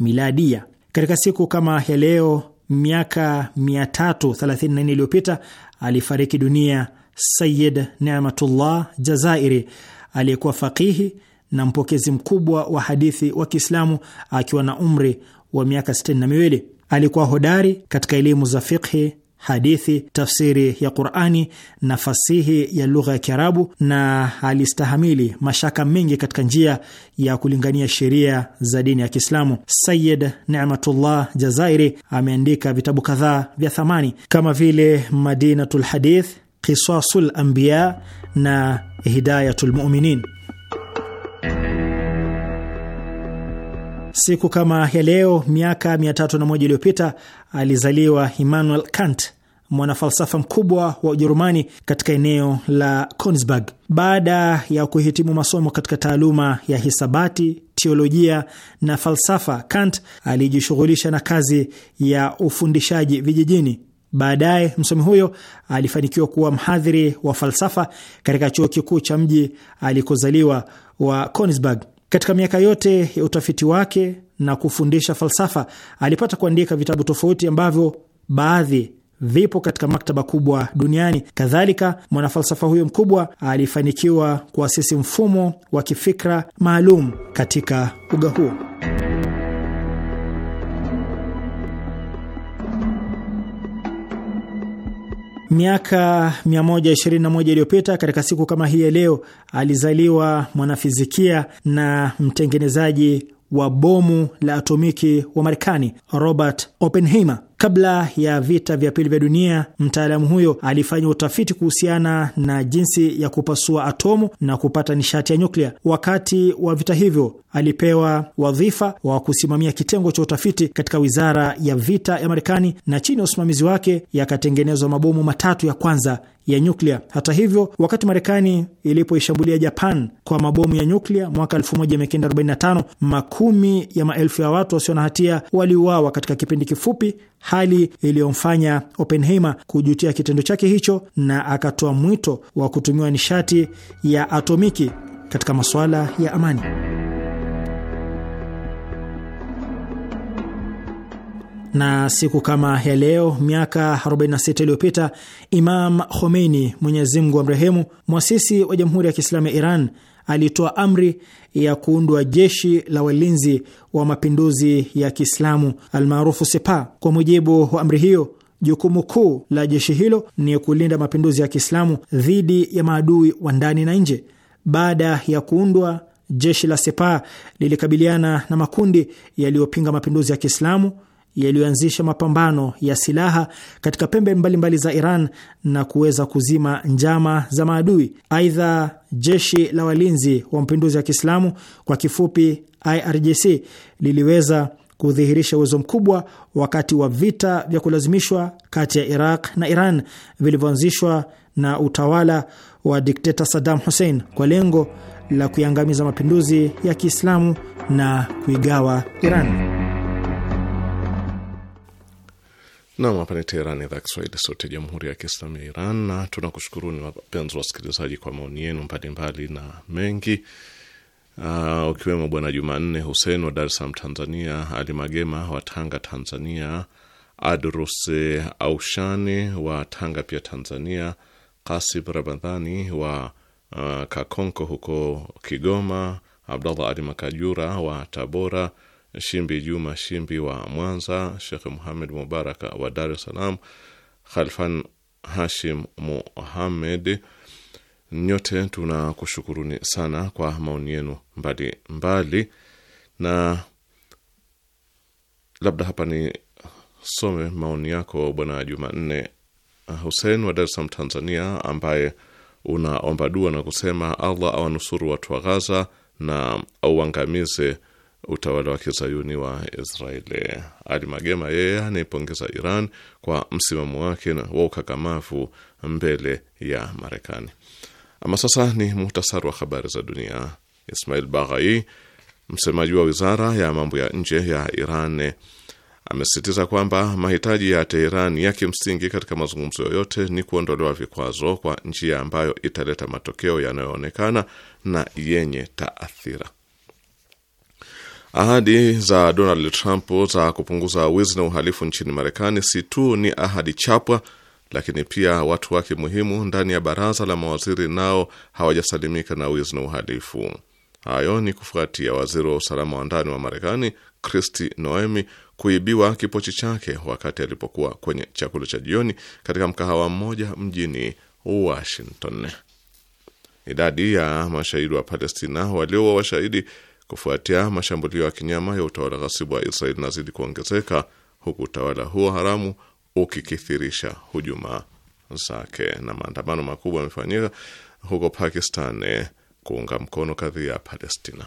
Miladia. Katika siku kama ya leo miaka 334 iliyopita alifariki dunia Sayid Nematullah Jazairi aliyekuwa faqihi na mpokezi mkubwa wa hadithi wa Kiislamu akiwa na umri wa miaka sitini na miwili. Alikuwa hodari katika elimu za fiqhi, hadithi, tafsiri ya Qurani na fasihi ya lugha ya Kiarabu, na alistahamili mashaka mengi katika njia ya kulingania sheria za dini ya Kiislamu. Sayid Nematullah Jazairi ameandika vitabu kadhaa vya thamani kama vile Madinatu lhadith, Qisasul Anbiya na Hidayatu lmuminin. Siku kama ya leo miaka 301 iliyopita alizaliwa Immanuel Kant, mwanafalsafa mkubwa wa Ujerumani katika eneo la Konigsberg. Baada ya kuhitimu masomo katika taaluma ya hisabati, teolojia na falsafa, Kant alijishughulisha na kazi ya ufundishaji vijijini. Baadaye msomi huyo alifanikiwa kuwa mhadhiri wa falsafa katika chuo kikuu cha mji alikozaliwa wa Konigsberg. Katika miaka yote ya utafiti wake na kufundisha falsafa, alipata kuandika vitabu tofauti ambavyo baadhi vipo katika maktaba kubwa duniani. Kadhalika, mwanafalsafa huyo mkubwa alifanikiwa kuasisi mfumo wa kifikra maalum katika uga huo. Miaka 121 iliyopita katika siku kama hii ya leo alizaliwa mwanafizikia na mtengenezaji wa bomu la atomiki wa Marekani Robert Oppenheimer. Kabla ya vita vya pili vya dunia, mtaalamu huyo alifanya utafiti kuhusiana na jinsi ya kupasua atomu na kupata nishati ya nyuklia. Wakati wa vita hivyo, alipewa wadhifa wa kusimamia kitengo cha utafiti katika wizara ya vita ya Marekani, na chini ya usimamizi wake yakatengenezwa mabomu matatu ya kwanza ya nyuklia. Hata hivyo, wakati Marekani ilipoishambulia Japan kwa mabomu ya nyuklia mwaka 1945, makumi ya maelfu ya watu wasio na hatia waliuawa katika kipindi kifupi hali iliyomfanya Oppenheimer kujutia kitendo chake hicho na akatoa mwito wa kutumiwa nishati ya atomiki katika masuala ya amani. na siku kama ya leo miaka 46 iliyopita Imam Khomeini, Mwenyezi Mungu amrehemu, mwasisi wa Jamhuri ya Kiislamu ya Iran alitoa amri ya kuundwa jeshi la walinzi wa mapinduzi ya Kiislamu almaarufu Sepa. Kwa mujibu wa amri hiyo, jukumu kuu la jeshi hilo ni kulinda mapinduzi ya Kiislamu dhidi ya maadui wa ndani na nje. Baada ya kuundwa jeshi la Sepa lilikabiliana na makundi yaliyopinga mapinduzi ya Kiislamu yaliyoanzisha mapambano ya silaha katika pembe mbalimbali mbali za Iran na kuweza kuzima njama za maadui. Aidha, jeshi la walinzi wa mapinduzi ya Kiislamu kwa kifupi IRGC liliweza kudhihirisha uwezo mkubwa wakati wa vita vya kulazimishwa kati ya Iraq na Iran vilivyoanzishwa na utawala wa dikteta Saddam Hussein kwa lengo la kuiangamiza mapinduzi ya Kiislamu na kuigawa Iran. Nam, hapa ni Teherani, idhaa Kiswahili, sauti ya jamhuri ya kiislamu ya Iran. Na tunakushukuruni wapenzi wasikilizaji kwa maoni yenu mbalimbali na mengi uh, ukiwemo Bwana Jumanne Husein wa Dar es Salaam, Tanzania, Ali Magema wa Tanga, Tanzania, Adrus Aushani wa Tanga pia Tanzania, Kasib Ramadhani wa uh, Kakonko huko Kigoma, Abdallah Ali Makajura wa Tabora Shimbi Juma Shimbi wa Mwanza, Shekh Muhamed Mubaraka wa Dar es Salaam, Khalfan Hashim Muhamed, nyote tunakushukuruni sana kwa maoni yenu mbalimbali, na labda hapa ni some maoni yako Bwana Jumanne Husein wa Dar es Salaam, Tanzania, ambaye unaomba dua na kusema Allah awanusuru watu wa Ghaza na auangamize utawala wa kizayuni wa Israeli. Ali Magema yeye anaipongeza Iran kwa msimamo wake wa ukakamavu mbele ya Marekani. Ama sasa ni muhtasari wa habari za dunia. Ismail Baghai, msemaji wa wizara ya mambo ya nje ya Iran, amesisitiza kwamba mahitaji ya Teheran ya kimsingi katika mazungumzo yoyote ni kuondolewa vikwazo kwa njia ambayo italeta matokeo yanayoonekana na yenye taathira. Ahadi za Donald Trump za kupunguza wizi na uhalifu nchini Marekani si tu ni ahadi chapwa, lakini pia watu wake muhimu ndani ya baraza la mawaziri nao hawajasalimika na wizi na uhalifu. Hayo ni kufuatia waziri wa usalama wa ndani wa Marekani Kristi Noemi kuibiwa kipochi chake wakati alipokuwa kwenye chakula cha jioni katika mkahawa mmoja mjini Washington. Idadi ya mashahidi wa Palestina waliowa washahidi kufuatia mashambulio ya kinyama ya utawala ghasibu wa Israeli nazidi kuongezeka huku utawala huo haramu ukikithirisha hujuma zake. Na maandamano makubwa yamefanyika huko Pakistan kuunga mkono kadhia ya Palestina